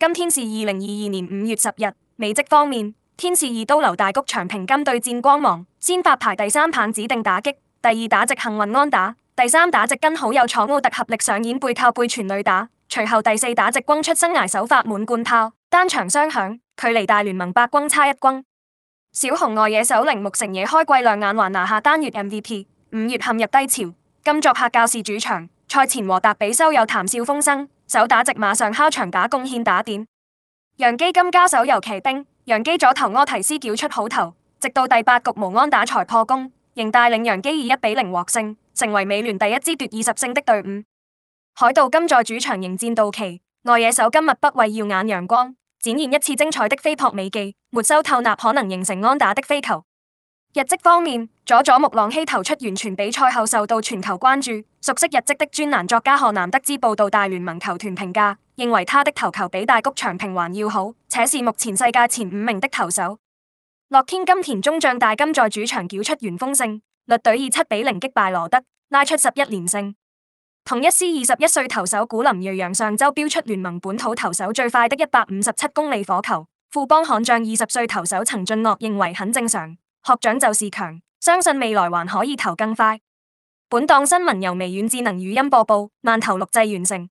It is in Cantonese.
今天是二零二二年五月十日。美職方面，天使二刀流大谷翔平今對戰光芒，先發排第三棒指定打擊，第二打席幸運安打，第三打席跟好友楚奧特合力上演背靠背全壘打，隨後第四打席轟出生涯首發滿貫炮，單場雙響，距離大聯盟百轟差一轟。小熊外野守鈴木誠也開季亮眼，還拿下單月 MVP。五月陷入低潮，今作客教士主場，賽前和達比修有談笑風生。手打直，馬上敲長打貢獻打點。楊基今交手遊騎兵，楊基左投柯提斯繳出好投，直到第八局無安打才破功，仍帶領楊基以一比零獲勝，成為美聯第一支奪二十勝的隊伍。海盜今在主場迎戰道奇，外野手今日不畏耀眼陽光，展現一次精彩的飛撲美技，沒收透納可能形成安打的飛球。日職方面，佐佐木朗希投出完全比賽後受到全球關注。熟悉日職的專欄作家何南得知報道，大聯盟球團評價認為他的投球比大谷翔平還要好，且是目前世界前五名的投手。樂天金田中將大金在主場繳出完封勝，率隊以七比零擊敗羅德，拉出十一連勝。同一師二十一歲投手古林瑞洋上周飆出聯盟本土投手最快的一百五十七公里火球，富邦悍將二十歲投手曾俊岳認為很正常。學長就是強，相信未來還可以投更快。本檔新聞由微軟智能語音播報，慢投錄製完成。